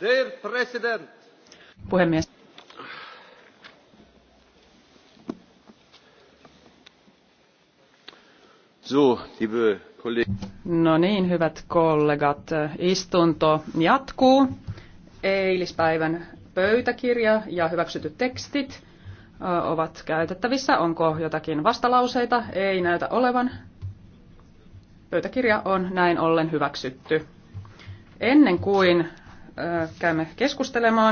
Dear President. Puhemies. So, liebe No niin, hyvät kollegat, istunto jatkuu. Eilispäivän pöytäkirja ja hyväksytyt tekstit ovat käytettävissä. Onko jotakin vastalauseita? Ei näytä olevan. Pöytäkirja on näin ollen hyväksytty. Ennen kuin käymme keskustelemaan,